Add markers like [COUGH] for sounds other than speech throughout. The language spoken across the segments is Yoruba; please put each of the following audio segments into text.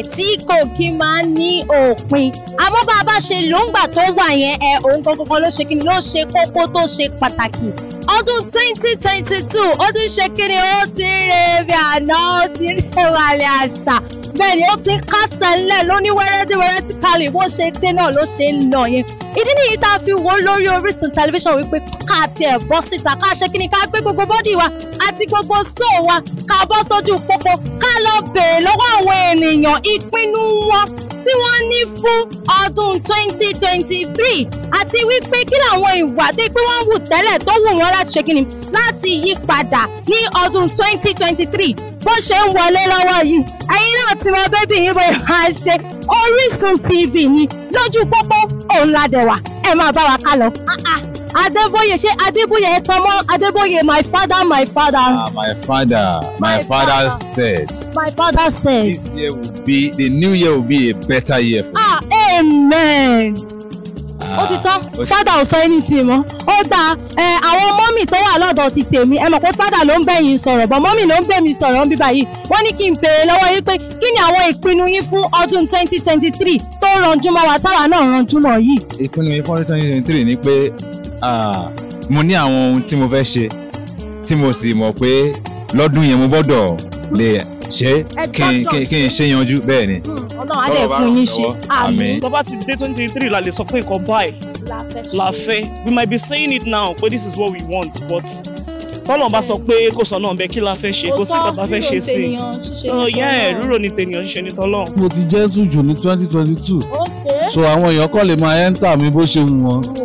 ìṣẹ̀lẹ̀ tí kò kí máa ń ní òpin àmọ́ bá a bá ṣe lóńgbà tó wà yẹn ẹ òun kankan ló ṣe kíni ló ṣe kókó tó ṣe pàtàkì ọdún twenty twenty two ó ti ṣe kíni ó ti rè bí àná ó ti rè wàlẹ̀ àṣà bẹ́ẹ̀ ni ó ti kásẹ̀ ńlẹ̀ lóní wẹ́rẹ́díwẹ́rẹ́ tí kalẹ̀ bó ṣe dé náà ló ṣe ń lọ yẹn ìdí nìyí tá a fi wò lórí Orísun tẹlifíṣàn wípé ká tiẹ̀ bọ́ síta ká ṣe kíni ká gbé gbogbo bọ́dì wa àti gbogbo sóò wa ká bọ́ sójú pópó ká lọ bèèrè lọ́wọ́ àwọn ènìyàn ìpinnu wọn tí wọ́n ní fún ọdún 2023 àti wípé kí làwọn ìwà tí pé wọ́n ń wù tẹ́lẹ̀ tó wù wọ́n láti ṣe kíni láti yí padà ní ọdún 2023 bó ṣe ń wọlé lọ́wọ́ yìí ẹ̀yin náà ti mọ bébí yín bó máa ṣe Orísun TV ni lójú pópó òun la dẹ̀ wà ẹ máa bá wa ká lọ. Adeboye, ṣé Adeboye ẹ tan mọ́ Adeboye, my father, my father. Ah, my father, my, my father, father said. My father said. This year will be, the new year will be a better year for ah, you. Ah, amen. ó ti tán fádà ò sọ anything mọ́ ó dáa ẹ àwọn mọ́mì tó wà lọ́dọ̀ ti tèmi ẹ mọ̀ pé fádà ló ń bẹ̀ yín sọ̀rọ̀ bọ̀ mọ́mì ló ń bẹ̀ mí sọ̀rọ̀ bíbá yìí wọ́n ní kí n béèrè lọ́wọ́ yín pé kí ni àwọn ìpinnu yín fún ọdún twenty twenty three tó ranjú mọ́ wa táwa náà ranjú mọ́ yìí. ìpinnu yín fún ọdún twenty twenty three ni pé Ah, mo ní àwọn ohun tí mo fẹ́ ṣe tí mo sì mọ̀ pé lọ́dún yẹn mo gbọ́dọ̀ lè ṣe kí n ṣe yanjú bẹ́ẹ̀ ni. Hmm, ọlọ́run á fún yín ṣe àmín. tó ti dé twenty three la lè sọ pé nǹkan báyìí la fẹ́ we might be saying it now but this is what we want but tọ́lọ́n bá sọ pé kò sọ náà bẹ́ẹ̀ kí la fẹ́ ṣe kó sí kọ́ta fẹ́ ṣe sí so yeah rúrò ní tènìyàn ṣe ní tọ́lọ́n. mo ti jẹ́ tùjù ní twenty twenty two so àwọn èèyàn kọ́ lè máa ẹ́ńtà mi bó ṣe wù wọ́n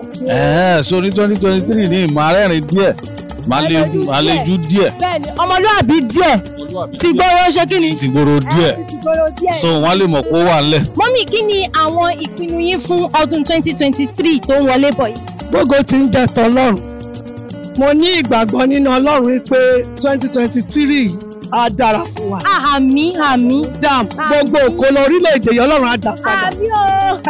so ní twenty twenty three ní ìmọ̀ arẹ́rìn díẹ̀ màlejò díẹ̀. bẹ́ẹ̀ni ọmọlúàbí díẹ̀ ti gbòòrò ṣe kí ni. ti gbòòrò díẹ̀ so wọ́n lè mọ̀ kó wà ńlẹ̀. mọ́mí kí ni àwọn ìpinnu yín fún ọdún twenty twenty three tó ń wọlé bọ̀ yìí. gbogbo ti ń jẹ tọlọ́run mo ní ìgbàgbọ́ nínú ọlọ́run pé twenty twenty three á dára fún wa. àmì àmì. dam gbogbo òkò lọ orílẹ̀-èdè yìí ọlọ́run á dà padà. àmì o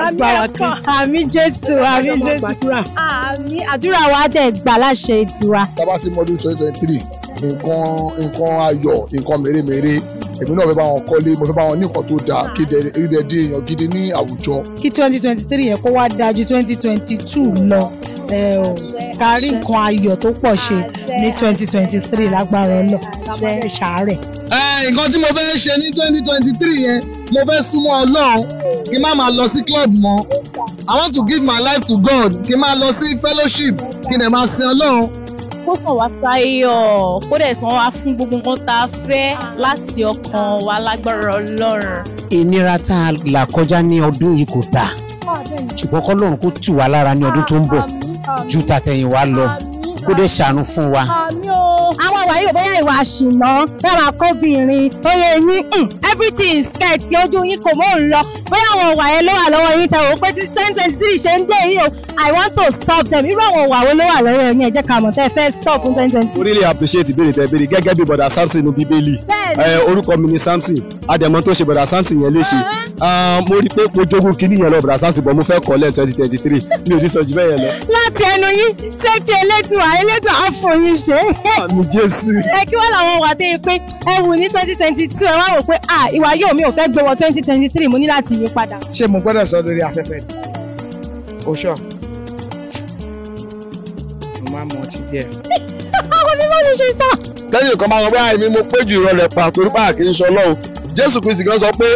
àmì àkọ àmì jésù àmì jésù àmì àdúrà wa dẹ̀ gbà láṣẹ ìtura. tábà sí mọ́dún twenty twenty three nǹkan nǹkan ayọ̀ nǹkan mèremère èmi náà fẹ́ bá wọn kọ́lé mo fẹ́ bá wọn ní nǹkan tó dáa kí dẹ̀ di èèyàn gidi ní àwùjọ. kí twenty twenty three yẹn kó wá dáa ju twenty twenty two lọ ká rí nǹkan ayọ̀ tó pọ̀ ṣe ní twenty twenty three lágbára ọlọ́ ṣe é ṣàárẹ̀. nǹkan tí mo fẹ́ ṣe ní twenty twenty three yẹn mo fẹ́ súnmọ́ ọlọ́run kí n má máa lọ sí club mọ́ I want to give my life to God kí n máa lọ sí fellowship kí n dẹ̀ máa sin ọlọ́run kó sàn wá sáyọ̀ kó dẹ̀ sàn wá fún gbogbo nǹkan tá a fẹ́ láti ọkàn wa lágbára ọlọ́run. ìnira tá a là kọjá ní ọdún yìí kò dáa ṣùgbọ́n kọ́lọ́run kó tù wá lára ní ọdún tó ń bọ̀ ju tàtẹ̀yìnwá lọ kó dẹ̀ ṣàánú fún wa. Àmín àwọn ìwà yìí bóyá ìwà àṣìná dára kóbìnrin oyè yín hmm, everything skẹ̀tì ojú yín kò mọ̀ ń lọ bóyá àwọn ìwà yẹn ló wà lọ́wọ́ yín tẹ̀ pé tí ten twenty three ṣe ń dé yìí o I want to stop them irú àwọn ìwà wo ló wà lọ́wọ́ yín ẹ jẹ́ ká mọ̀ tẹ́ fẹ́ stop ten twenty. mo really appreciate ìbéèrè tẹ́ béèrè gẹ́gẹ́ bí bọ̀dà Samson bíbélì. bẹ́ẹ̀ orúkọ mi ni Samson adẹ̀mọ́ tó ṣe bọ̀dà Samson yẹn léṣe mo rí i pé mo jogún kínní yẹn lọ bọ̀dà Samson bọ̀ mo fẹ́ kọ́ lẹ́ẹ̀ twenty twenty three mi ò ní sọ jù bẹ́ẹ̀ yẹn lọ. láti ẹnu yín ṣé ti elétò àìlétò àfòyín ṣe. àmì Jésù. ẹ kí wọ́n làwọn wà dé pé ẹ wù ní twenty twenty two ẹ wá wò pé à ìwà yóò mi ò fẹ́ gbé wọ twenty twenty three mo ní láti yí padà. ṣé mo gbọ́dọ̀ sọ lórí afẹ́fẹ́ ni? oṣù mo máa mọ ọtí díẹ̀. [LAUGHS] ló ṣe sá. lẹ́yìn kan máa sọ pé àìmí mo pé jù ìrọ̀lẹ́ pa torí pa kì í sọ lọ́hùn jésù kristi kan sọ pé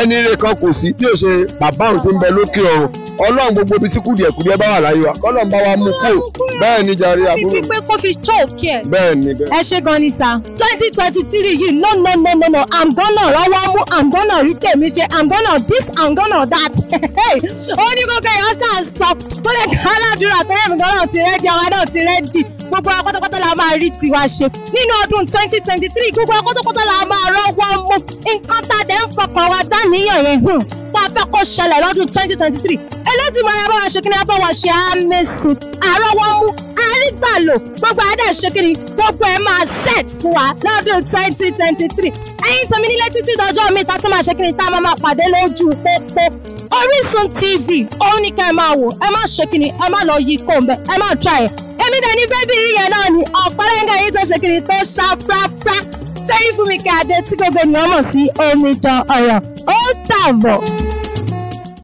ẹni ire kan kò sí bí ó ṣe bàbá òun ti ń bẹ lókè ọ̀run ọlọ́run gbogbo ibi tí kùdìẹ̀kùdìẹ̀ bá wà láyé wa kọ́lọ́run bá wa mú kúrò bẹ́ẹ̀ ni jàre àbúrò. ibi pé kó fi chóòkì ẹ̀. bẹ́ẹ̀ ni bẹ́ẹ̀. ẹ ṣe gan ni sá. twenty twenty three yìí no no no no no i'm gonna rọwọ́ mú i'm gonna rí tèmi ṣe i'm gonna this i'm gonna that. ó ní kókó ìyá ṣáà sọ tó lè kí aládùúrà tẹ́lẹ̀ mi gan náà ti rẹ́dí àwa náà ti rẹ́dí gbogbo akọ́tọ́kọ́tọ́ la máa rí tiwa ṣe nínú ọdún twenty twenty three gbogbo akọ́tọ́kọ́tọ́ la máa rọ́wọ́ mú nǹkan tá a dẹ̀ ń fọkàn wa dáníyàn yẹn hàn hmm, pa afẹ́ kó ṣẹlẹ̀ lọ́dún twenty twenty three Elédùmarè abáwa ṣe kíni abáwa ṣe àmẹ́sìn àrọ́wọ́ mú àrígbàlò gbogbo adé ṣe kíni gbogbo ẹ̀ máa set fún wa lọ́dún twenty twenty three ẹ̀yin tèmi nílé títí dọjọ́ mi tá tí máa ṣe kíni tá a máa máa pàdé lójú pópó Orísun TV òun ni ká ẹ máa wò ẹ má ṣe kíni ẹ má lọ yí kó ń bẹ ẹ má try ẹ èmi dẹ̀ ní bébí yẹn náà ni ọ̀pọ̀lẹ́ngà yìí tó ṣe kiri tó ṣá fúráfúrá fẹ́yìn fún mi kí adé tí gbogbo ènìyàn mọ̀ sí omidan ọ̀rọ̀ ó dàbọ̀.